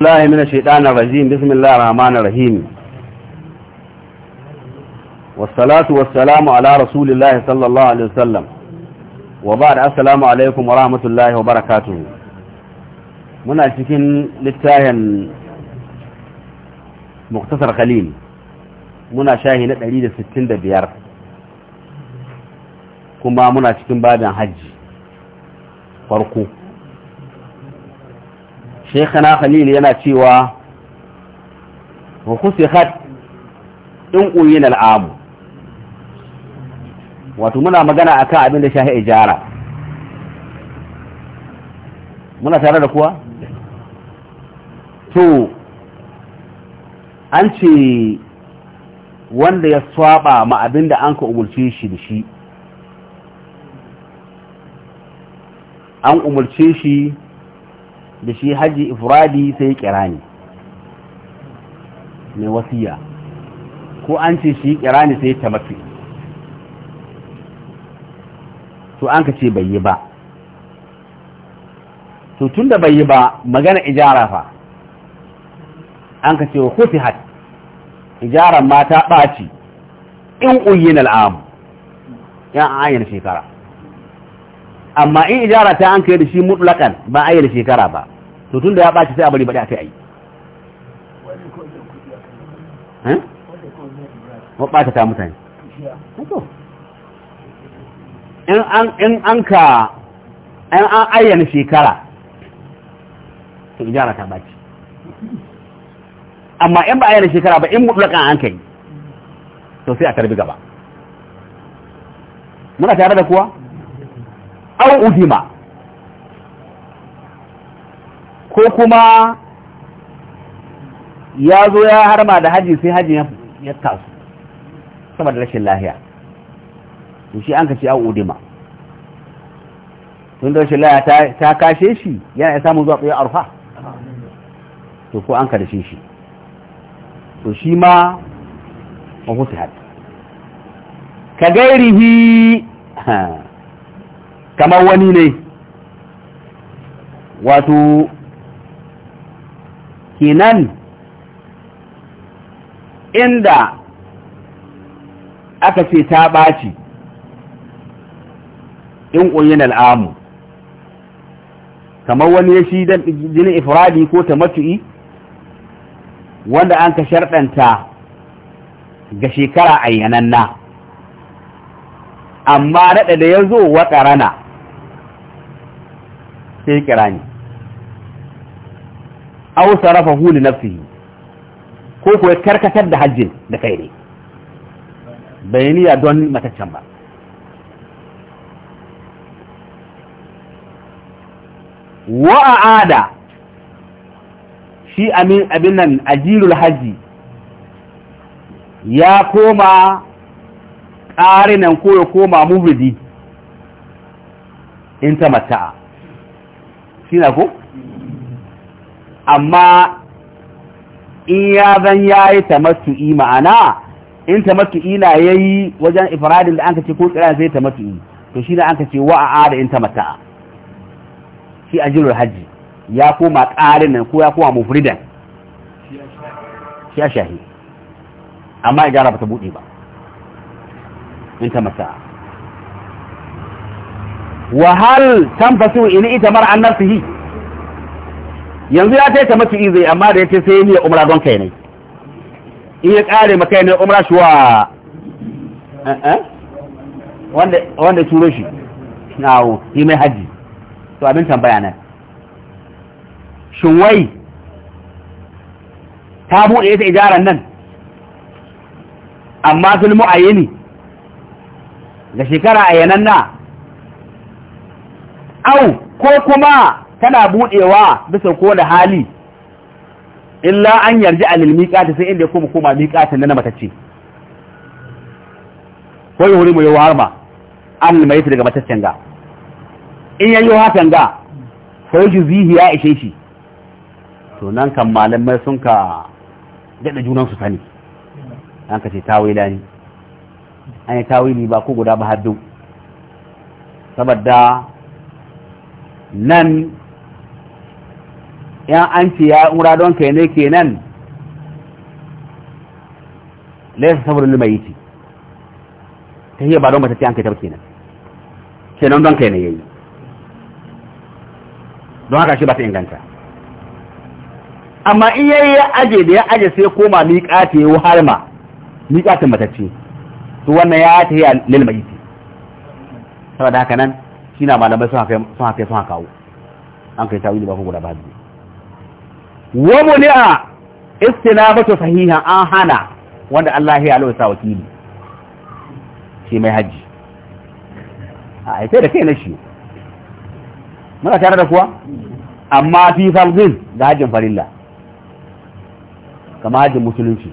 الله من الشيطان الرجيم بسم الله الرحمن الرحيم والصلاة والسلام على رسول الله صلى الله عليه وسلم وبعد السلام عليكم ورحمة الله وبركاته من أشكين للتاهن مختصر خليل من أشاهنة أليد الستين دبيار كما من أشكين بعد حج فرقوه shekana khalil yana cewa wa kusihat in na al'amu wato muna magana akan abin da shahi ijara muna tare da kuwa to an ce wanda ya swaba ma abin da an ka umarci shi da shi an umarce shi da shi haji ifradi sai kirani mai wasiya ko an ce shi kirani sai ta mafi to an ka ce bai yi ba to tun da bai yi ba magana ijara fa an ka ce wa hat ijaran mata ɓaci in uyin al'amu yan ayyana shekara amma in ijara ta an kai da shi mutlakan ba a yi da shekara ba to tun da ya ɓaci sai a bari baɗi a ta yi wa ɓata ta mutane in an ka in an ayyana shekara to ijara ta ɓaci amma in ba ayyana shekara ba in mutlaka an kai to sai a tarbi gaba muna tare da kuwa an udima ko kuma ya zo ya harma da haji sai haji ya tasu saboda rashin lahiya to shi an ka ce udima tun da rashin lahiya ta kashe shi yana ya samu zuwa tsaye arfa to ko an karshe shi to shi ma mahutu hadu ka gairihi kamar wani ne wato kinan inda aka ce ta ɓaci in ƙunyin al'amu kamar wani ya shi don jinin ifradi ko matu'i wanda an ka sharɗanta ga shekara ayyananna amma daɗa da ya zo wata rana. sai kira ni aw hu li nafsihi ko ko karkatar da hajjin da kai ne ya don mataccen ba wa aada shi amin abin nan ajilul hajji ya koma ƙarinan ko ya koma mubidi in ta mata'a Shina ko amma in ya zan ya yi tamattu'i ma'ana in tamattu'i na ya yi wajen ifradin da an ka ce ko tsira zai tamattu'i to shi na an ka ce wa'a da in tamatta'a shi a jirar hajji ya koma ƙarin nan ko ya koma mufridan shi a shahi amma gara ba ta buɗe ba in tamatta'a wahal tanfasu in ita mar an nafsihi yanzu ya ta ta mace izai amma da yace sai ya umra don kai ne in ya kare maka ne umra shi wa eh, eh? wanda wanda turo shi nawo yi mai haji to abin tambaya nan shin wai ta buɗe ita ijaran nan amma sun mu'ayini. ga shekara ayyanan na au ko kuma tana budewa bisa ko da hali illa an yarji alil miqati sai inda ya koma koma miqatin nan matacce ko ya mu ya warma an mai daga mataccen ga in yayyo hakan ga fa zihi ya ishe shi to nan kan malamai sun ka daɗa junan su sani an ka ce tawila ni. an yi tawili ba ko guda ba haddu saboda nan yan an ce ya umra don kai ne ke nan laisa ce ta yi ba don ta ce an kai nan kenan nan don kai ne yi don haka shi ba ta inganta amma iya yi ya aje da ya aje sai koma miƙa ta yi harma miƙa ta matacce su wannan ya ta yi lil mayiti saboda haka nan shi na malamai sun haka sun haka kawo an kai tawili ba ko guda ba biyu wa muni'a istinabatu sahihan an hana wanda Allah ya alwasa wakili shi mai hajji a sai da kai na shi muna tare da kuwa amma fi falzin da hajjin farilla kama hajjin musulunci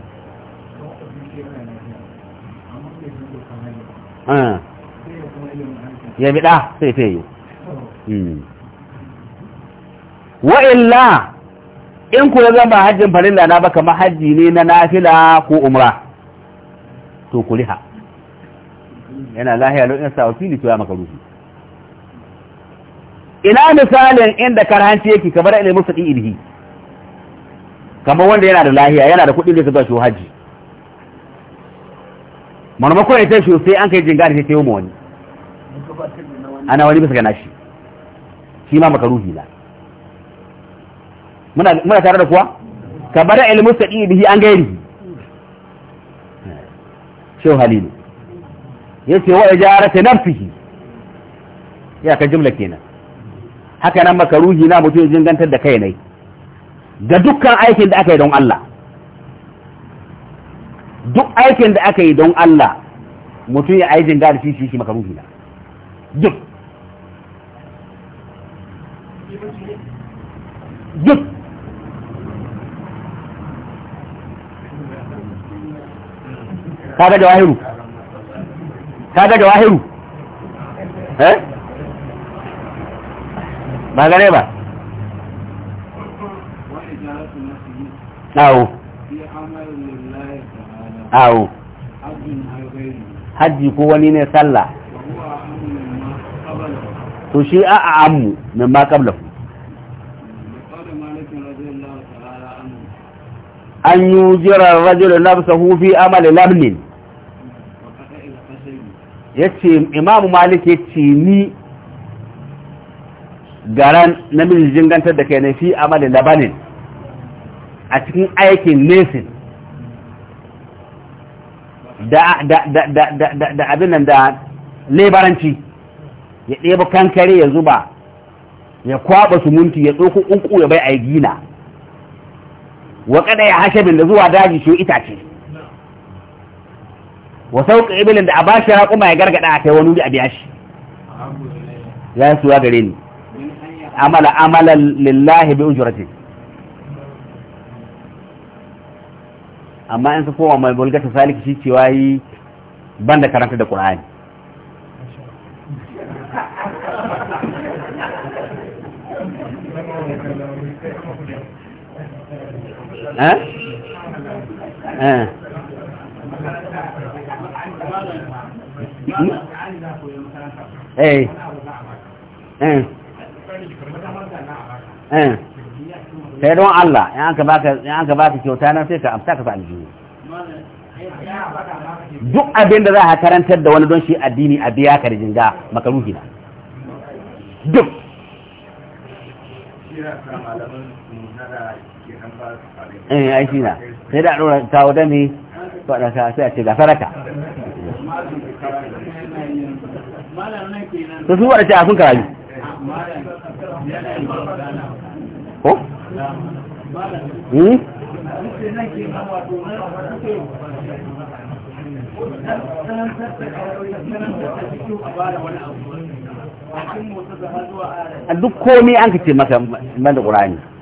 hmm. ya bi ɗa sai ta yi hmm. wa’illa in kuwa zan ba hajjin farilla na ba kamar hajji ne na nafila ko umra to ku liha yana lahiya lo’in sa wakili to ya maka ruhu ina misalin inda karhanci yake kamar ilimin musu ilhi kamar wanda yana da lahiya yana da kuɗi da zuwa shi hajji marmakon ya ta shi sai an kai jinga da ta yi wani ana wani bisa ga nashi shi ma makaruhi na muna muna tare da kuwa ka bada ilmu sadi bihi an gairi shehu halilu yace wa ta nafsihi ya ka jumla kenan haka nan makaruhi na mutum jin gantar da kai ne ga dukkan aikin da aka yi don Allah duk aikin da aka yi don Allah mutum ya aijin gada shi shi makaruhi na duk duk kaga jawahiru kaga jawahiru eh ba gane ba awo awo hajji ko wani ne sallah to shi a amu min ma qablahu an yi jirar rajulun nafsa hufi amali labnin ya ce imamu malik ya ce ni garan namiji jingantar da kai fi amali labanin a cikin aikin nesin da abin da labaranci ya ɗeba kankare ya zuba ya kwaba sumunti ya tsoko ƙunƙu ya bai a gina wa kada ya hashabin da zuwa daji shi itace wa sauƙa ibilin da a ba shi ya gargada a kai wani wuri a biya shi ya yi suwa gare ni amala amala lillahi bi ujurati amma in su kowa mai bulgata saliki shi cewa yi ban da karanta da ƙur'ani Hmm? sai don Allah in an ka baka kyauta nan sai duk abin za a karantar da wani don shi addini a biya ka da jinga makaruhi na duk ya eh, yi shi na sai da ɗora kawo da ne fada ka sai a ce ga saraka to su wada ta sun karayu ko hmm? duk komi an ka ce masa maka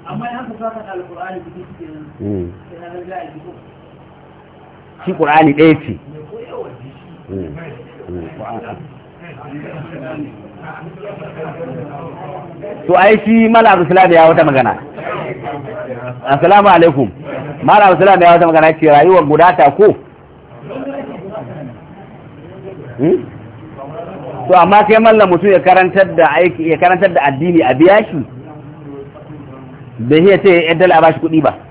amma ya haka Hmm. shi ɗaya ce to ai shi mala da ya wata magana assalamu alaikum mala da ya wata magana ce rayuwar ta ko hmm? to amma kai mallam mutum ya karantar da aiki ya karantar da addini a biya shi bai iya ce ya dala ba bashi kuɗi ba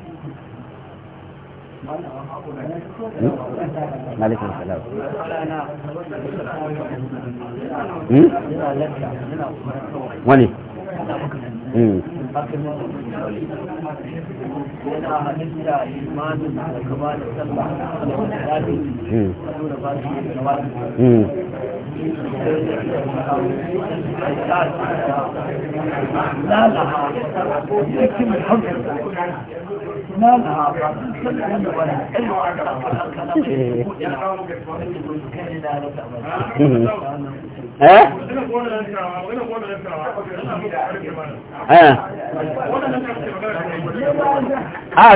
Hmm? malikin salam hmm? wani Mm. لا لا يكفي من حب لا لا ها؟ ها؟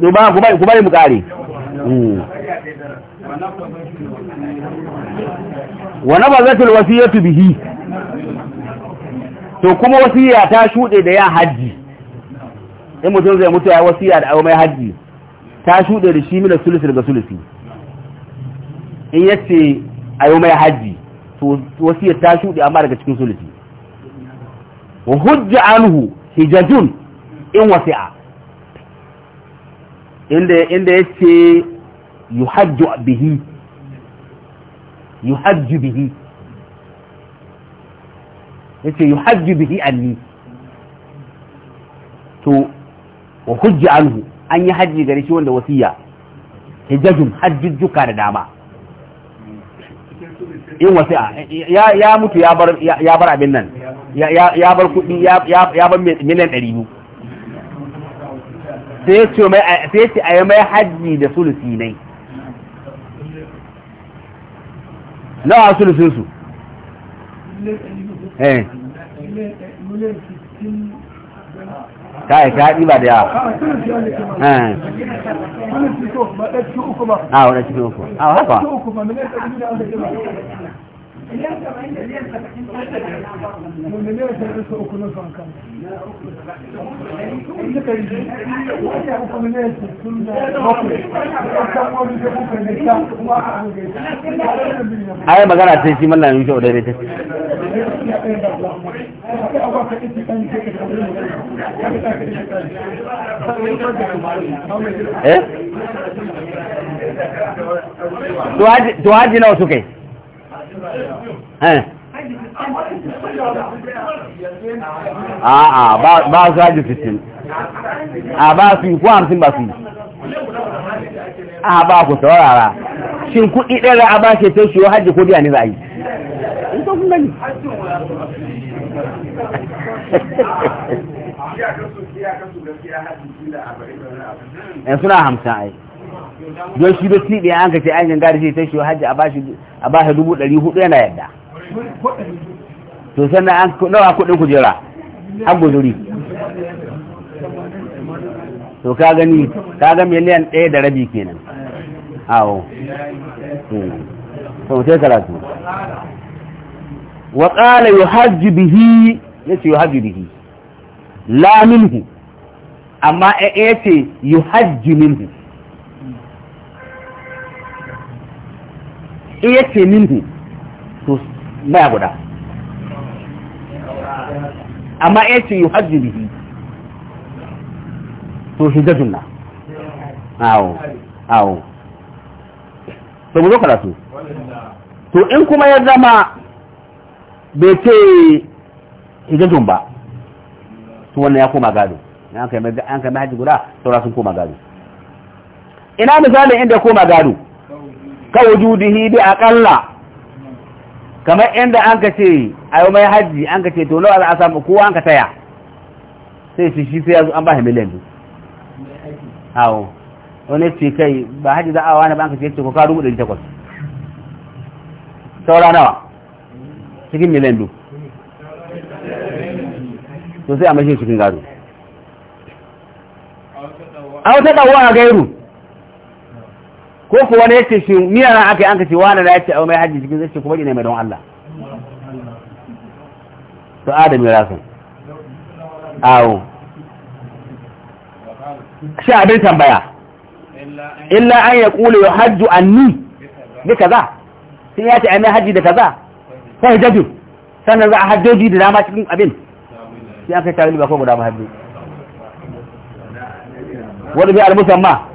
duba ku bari ku mu kare wa nabazatul wasiyatu bihi to kuma wasiya ta shuɗe da ya haji in mutum zai mutu ya wasiya da mai haji ta shuɗe da shi mina sulusi daga sulusi in yace ayo mai haji to wasiya ta shuɗe amma daga cikin sulusi wa hujja anhu hijajun in wasi'a inda inda yace yuhajju bihi yuhajju bihi يحج به bihi anni to wa hujji anhu an yi hajji gare shi wanda wasiya hijjajun da dama in wasi'a ya mutu ya bar abin nan ya bar kudi ya bar miliyan ɗari biyu sai ce a yi mai hajji da sulusi nai nawa sulusun su eh kai ka ba da yawa eh. a a ah, ah, haka Aya magana sai shi mallan yin ne ta eh haji nawa suka yi Eh? Aa'a, ah, ah, ba su haji a ah, ba su a ba ku shin kuɗi ɗaya a ba ce ta wa hajji ko biya ne za a eh, suna hamsin ai don shi da tiɗe an ka ce an ganga da shi ta shi hajji a ba shi dubu ɗari hudu yana yadda to sannan an nawa kuɗin kujera an guzuri to ka gani ka ga miliyan ɗaya da rabi kenan awo hmm. to sai karatu wa qala yuhajju bihi yace yuhajju bihi la minhu amma eh, eh yace yuhajju minhu in ya ce minhu to baya guda amma ya ce yi hajji bihi to shi jajin na awo awo to mu zo karatu to in kuma ya zama bai ce hijajun ba to wannan ya koma gado an kai mai hajji guda saura sun koma gado ina misalin inda koma gado ka wujudihi bi aqalla kamar inda an ka ce a yau mai hajji an ka ce to nawa za a samu kowa an ka taya sai shi shi sai ya zo an ba shi miliyan biyu awo wani ce kai ba hajji za a wani ba an ka ce ce ko ka rubu ɗari takwas saura nawa cikin miliyan biyu to sai a mashi cikin gado a wata ɗauwa a gairu ko kuwa ne yace shi miya na aka yi an kace wani na yace a mai hajji cikin zai kuma ina mai don Allah to adam ya rasu awo shi abin tambaya illa an ya kula ya hajju ni da kaza sun ya ce a mai hajji da kaza sai hajjaju sannan za a hajjoji da dama cikin abin sai an kai tarihi ba ko guda ba hajji wani bai al musamman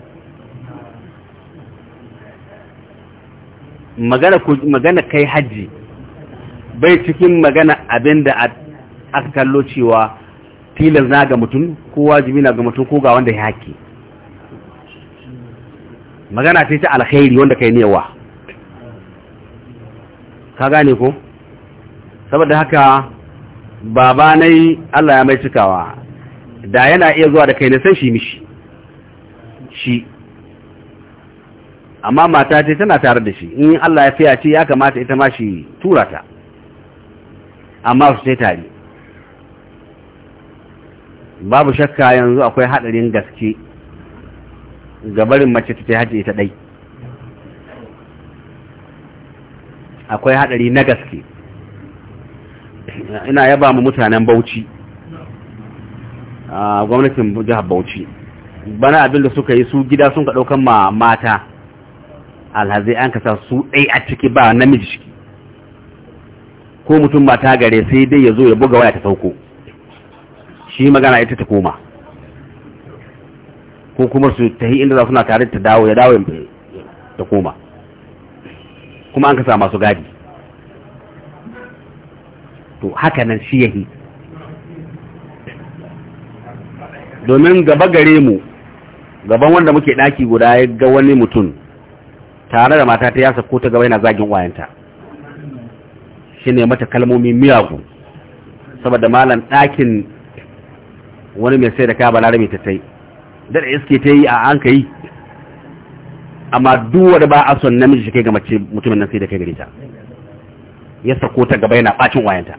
magana kai hajji bai cikin magana abin da aka kallo cewa tilas na ga mutum ko wajibi na ga mutum ko ga wanda ya haƙi magana ta ce ta alkhairi wanda kai newa ka gane ko saboda haka baba na yi Allah ya mai cikawa da yana iya zuwa da kai na san shi mishi shi amma mata ce tana tare da shi in Allah ya fiya ce ya kamata ita ma shi tura ta amma su ce tare babu shakka yanzu akwai haɗarin gaske gabarin mace ta haji ita ɗai akwai haɗari na gaske ina yaba mu mutanen bauchi a ah, gwamnatin jihar bauchi bana da suka yi su gida sun ka daukan mata alhazai an kasa su ɗai a ciki ba namiji ciki ko mutum ba ta gare sai dai ya zo ya buga waya ta sauko shi magana ita ta koma ko kuma su ta yi inda za suna tare ta dawo ya dawo ta koma kuma an kasa masu gadi to haka nan shi yahi domin gaba gare mu gaban wanda muke ɗaki guda ya ga wani mutum tare da mata ta yasa ko ta gaba yana zagin wayanta shi ne mata kalmomi miyagu saboda malam ɗakin wani mai sai da kaya balarabe ta ta yi da iske ta yi a an ka yi amma duwa da ba a son namiji shi kai ga mace mutumin nan sai da kai gare ta ya sako ta gaba yana bacin wayanta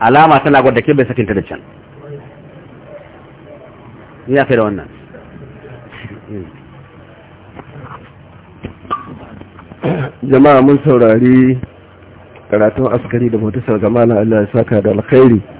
alama tana gwada ke bai sakinta da can ya kai da wannan jama'a mun saurari karatun askari da motisar ga na Allah ya saka da alkhairi